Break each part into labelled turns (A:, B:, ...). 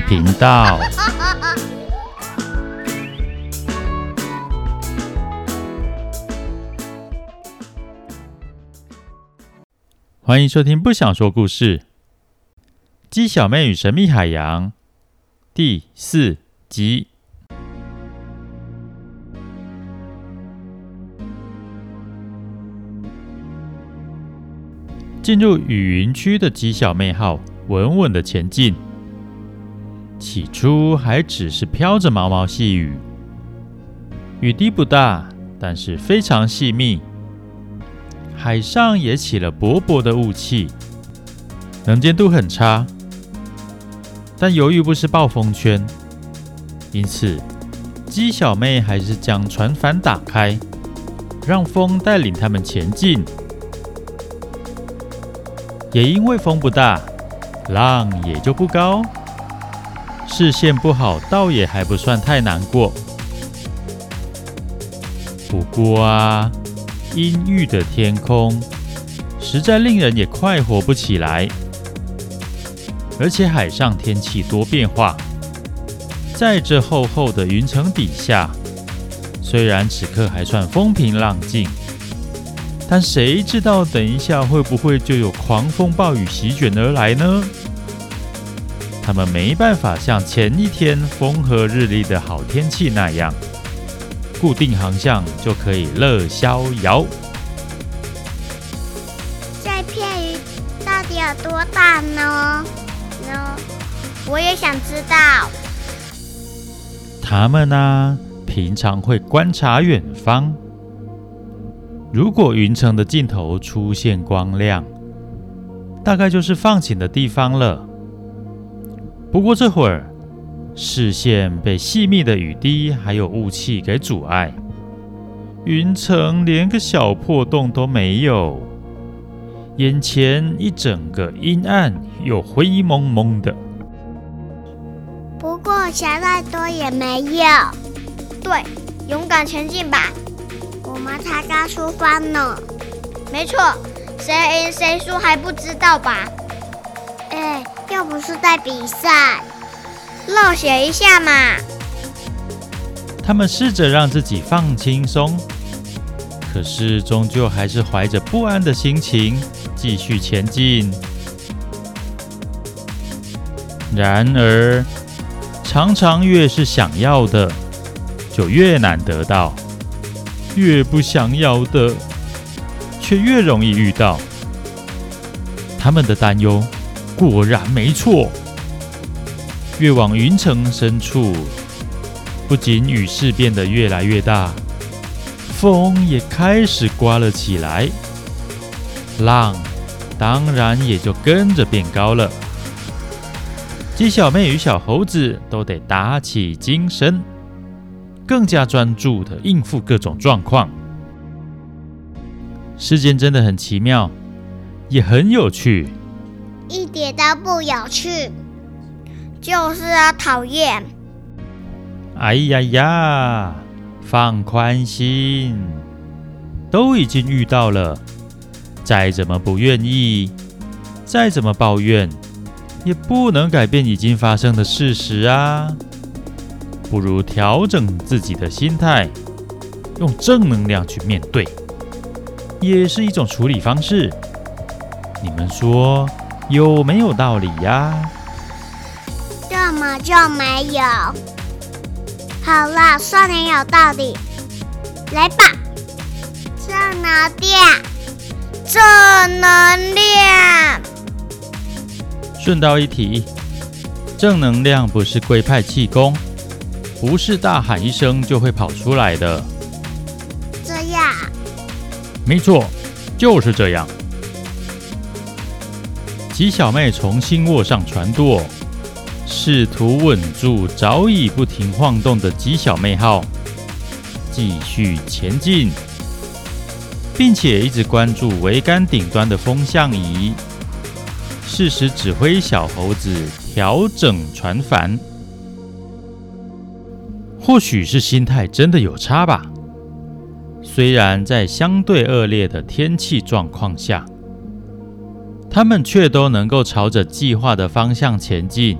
A: 頻道，歡迎收聽《不想說故事》雞小妹與神秘海洋第四集。進入雨雲區的雞小妹號，穩穩的前進。起初還只是飄着毛毛細雨，雨滴不大，但是非常細密。海上也起了薄薄的霧氣，能見度很差。但由於不是暴風圈，因此雞小妹還是將船帆打開，讓風帶領他們前進。也因為風不大，浪也就不高。視線不好，倒也還不算太難過。不過啊，陰鬱的天空，實在令人也快活不起來。而且海上天氣多變化，在這厚厚的雲層底下，雖然此刻還算風平浪靜，但誰知道等一下會不會就有狂風暴雨席捲而來呢？他們沒辦法像前一天風和日麗的好天氣那樣，固定航向就可以樂逍遙。
B: 這片雲到底有多大呢？呢，我也想知道。
A: 他們呢、啊，平常會觀察遠方。如果雲層的盡頭出現光亮，大概就是放晴的地方了。不過這會兒，視線被細密的雨滴還有霧氣給阻礙，雲層連個小破洞都沒有，眼前一整個陰暗又灰蒙蒙的。
B: 不過想再多也沒用，對，勇敢前進吧，我們才剛出發呢。沒錯，誰贏誰輸還不知道吧？哎。又不是在比賽，熱血一下嘛！
A: 他們試着讓自己放輕鬆，可是終究還是懷着不安的心情繼續前進。然而，常常越是想要的，就越難得到；越不想要的，卻越容易遇到。他們的擔憂。果然沒錯，越往雲層深處，不僅雨勢變得越來越大，風也開始颳了起來，浪當然也就跟着變高了。雞小妹與小猴子都得打起精神，更加專注的應付各種狀況。世間真的很奇妙，也很有趣。
B: 一點都不有趣，就是啊，討厭。
A: 哎呀呀，放寬心，都已經遇到了，再怎麼不願意，再怎麼抱怨，也不能改變已經發生的事實啊。不如調整自己的心態，用正能量去面對，也是一種處理方式。你們說？有沒有道理呀？
B: 這麼就沒有？好了，算你有道理。來吧，正能量，正能量。
A: 順道一提，正能量不是龜派氣功，不是大喊一聲就會跑出來的。
B: 這樣。
A: 沒錯，就是這樣。雞小妹重新握上船舵，試圖穩住早已不停晃動的雞小妹號，繼續前進，並且一直關注桅杆頂端的風向儀，適時指揮小猴子調整船帆。或許是心態真的有差吧，雖然在相對惡劣的天氣狀況下。他們卻都能夠朝着計劃的方向前進。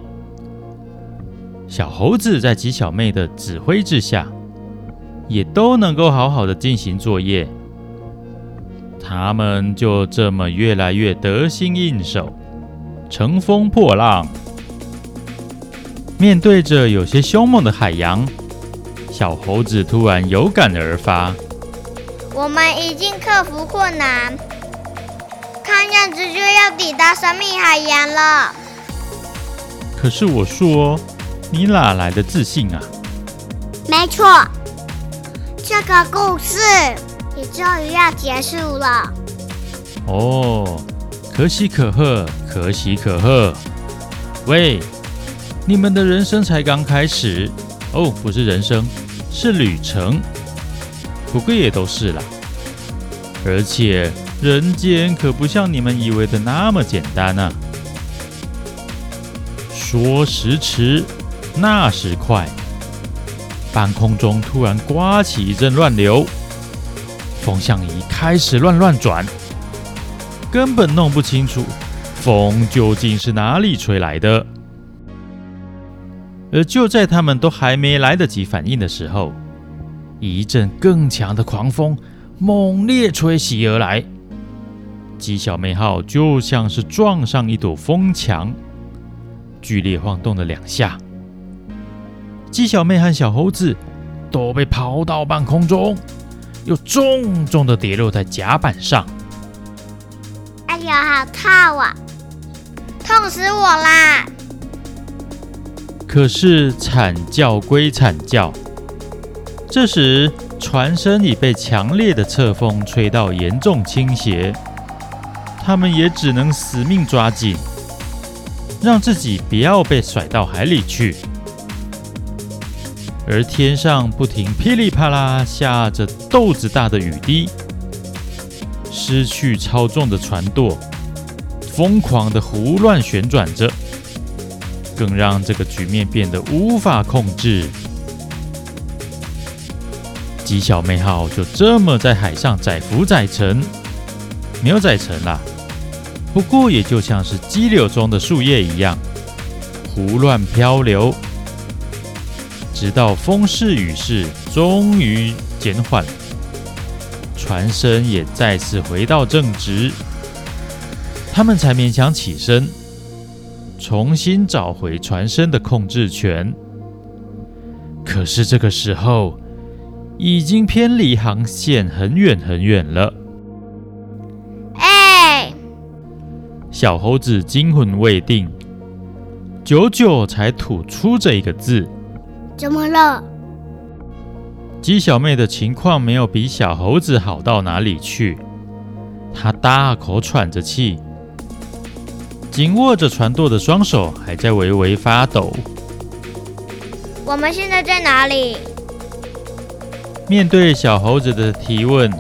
A: 小猴子在雞小妹的指揮之下，也都能夠好好的進行作業。他們就這麼越來越得心應手，乘風破浪。面對着有些凶猛的海洋，小猴子突然有感而發：“
B: 我們已經克服困難。”看樣子就要抵達神秘海洋了。
A: 可是我說，你哪來的自信啊？
B: 沒錯，這個故事也終於要結束了。
A: 哦，可喜可賀，可喜可賀！喂，你們的人生才剛開始。哦，不是人生，是旅程。不過也都是啦，而且。人間可不像你們以為的那麼簡單呢、啊。說時遲，那時快，半空中突然颳起一陣亂流，風向儀開始亂亂轉，根本弄不清楚風究竟是哪裡吹來的。而就在他們都還沒來得及反應的時候，一陣更強的狂風猛烈吹襲而來。雞小妹號就像是撞上一堵風牆，劇烈晃動了兩下。雞小妹和小猴子都被拋到半空中，又重重的跌落在甲板上。
B: 哎呀，好痛啊！痛死我啦！
A: 可是慘叫歸慘叫，這時船身已被強烈的側風吹到嚴重傾斜。他們也只能死命抓緊，讓自己不要被甩到海裡去。而天上不停噼里啪啦下着豆子大的雨滴，失去操縱的船舵瘋狂地胡亂旋轉着，更讓這個局面變得無法控制。雞小妹號就這麼在海上載浮載沉，沒有載沉啊。不過也就像是激流中的樹葉一樣，胡亂漂流，直到風勢雨勢終於減緩，船身也再次回到正直，他們才勉強起身，重新找回船身的控制權。可是這個時候，已經偏離航線很遠很遠了。小猴子驚魂未定，久久才吐出這一個字：“
B: 怎麼了？”
A: 雞小妹的情況沒有比小猴子好到哪裡去，她大口喘着氣，緊握着船舵的雙手還在微微發抖。
B: 我們現在在哪裡？
A: 面對小猴子的提問，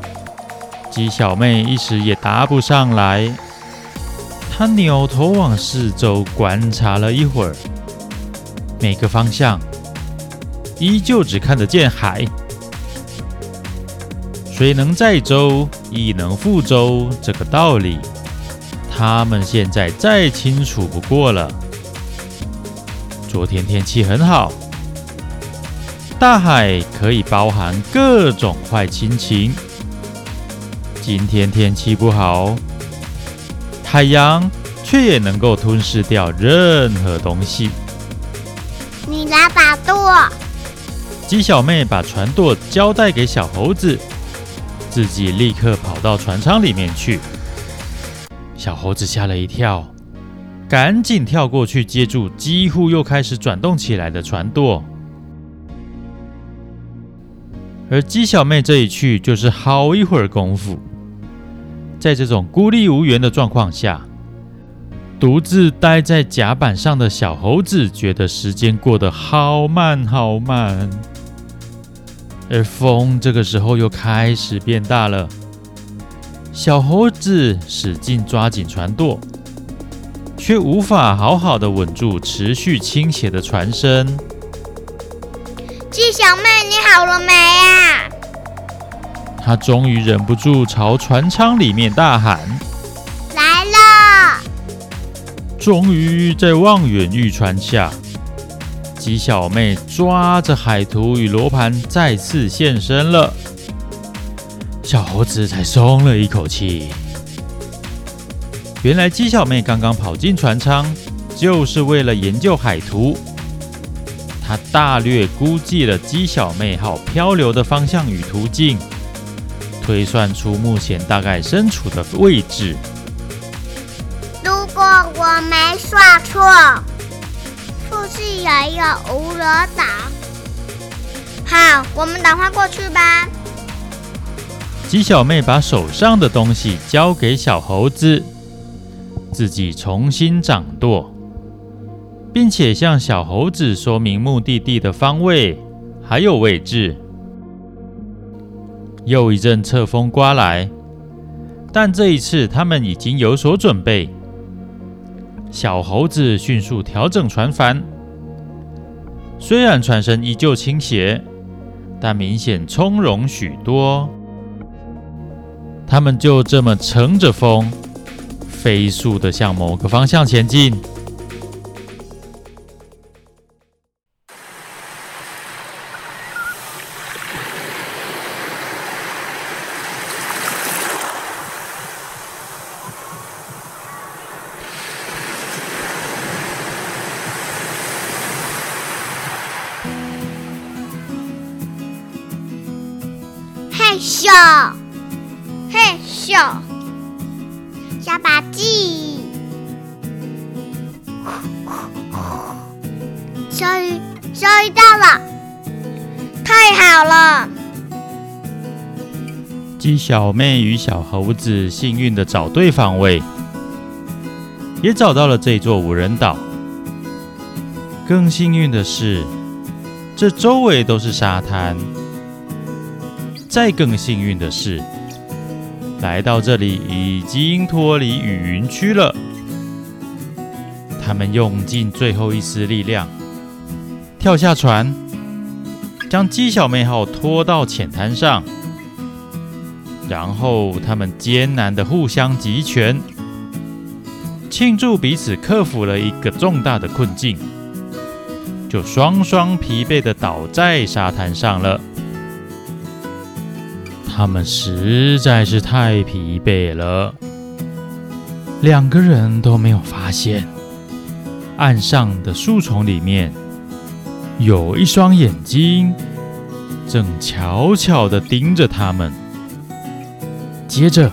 A: 雞小妹一時也答不上來。他扭頭往四周觀察了一會兒，每個方向依舊只看得見海。水能載舟，亦能覆舟，這個道理他們現在再清楚不過了。昨天天氣很好，大海可以包含各種壞心情。今天天氣不好。海洋卻也能夠吞噬掉任何東西。
B: 你來把舵。
A: 雞小妹把船舵交代給小猴子，自己立刻跑到船艙裡面去。小猴子嚇了一跳，趕緊跳過去接住幾乎又開始轉動起來的船舵。而雞小妹這一去就是好一會兒功夫。在這種孤立無援的狀況下，獨自待在甲板上的小猴子覺得時間過得好慢好慢。而風這個時候又開始變大了，小猴子使勁抓緊船舵，卻無法好好的穩住持續傾斜的船身。
B: 雞小妹，你好了沒啊？
A: 他終於忍不住朝船艙裡面大喊：“
B: 來了！”
A: 終於在望眼欲穿下，雞小妹抓着海圖與羅盤再次現身了。小猴子才鬆了一口氣。原來雞小妹剛剛跑進船艙，就是為了研究海圖。他大略估計了雞小妹號漂流的方向與途徑。推算出目前大概身處的位置。
B: 如果我沒算錯，附近有一個無人島。好，我們趕快過去吧。
A: 雞小妹把手上的東西交給小猴子，自己重新掌舵，並且向小猴子說明目的地的方位還有位置。又一陣側風颳來，但這一次他們已經有所準備。小猴子迅速調整船帆，雖然船身依舊傾斜，但明顯從容許多。他們就這麼乘着風，飛速地向某個方向前進。
B: 笑，嘿小小把雞，終於，終 於到了，太好了！
A: 雞小妹與小猴子幸運的找對方位，也找到了這座無人島。更幸運的是，這周圍都是沙灘。再更幸運的是，來到這裡已經脫離雨雲區了。他們用盡最後一絲力量，跳下船，將“雞小妹號”拖到淺灘上，然後他們艱難地互相擊拳，慶祝彼此克服了一個重大的困境，就雙雙疲憊地倒在沙灘上了。他們實在是太疲憊了，兩個人都沒有發現，岸上的樹叢裡面有一雙眼睛正悄悄的盯着他們。接着，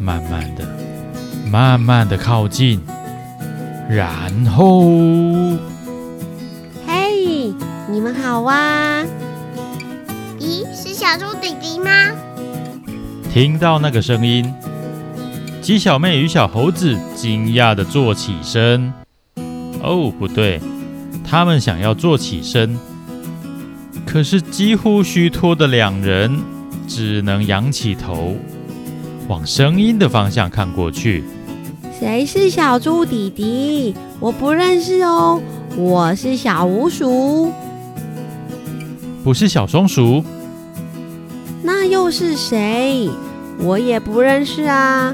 A: 慢慢的、慢慢的靠近，然後……
B: 嘿，你們好哇！啊！小豬弟弟嗎？
A: 聽到那個聲音，雞小妹與小猴子驚訝地坐起身。哦，不對，他們想要坐起身，可是幾乎虛脫的兩人只能仰起頭，往聲音的方向看過去。誰是小豬弟弟？
B: 我不認識哦。我是小鼯鼠，不
A: 是小松鼠。
B: 那又是誰？我也不認識啊！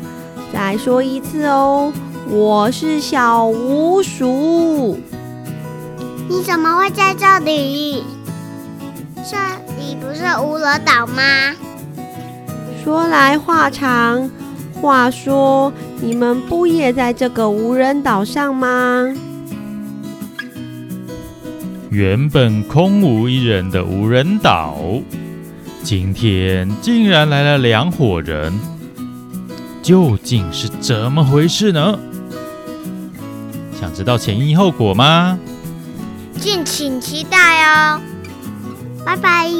B: 再說一次哦，我是小烏鼠。你怎麼會在這裡？這裡不是無人島嗎？
A: 說來話長。話說，你們不也在這個無人島上嗎？原本空無一人的無人島。今天竟然來了兩夥人，究竟是怎麼回事呢？想知道前因後果嗎？
B: 敬請期待哦！拜拜。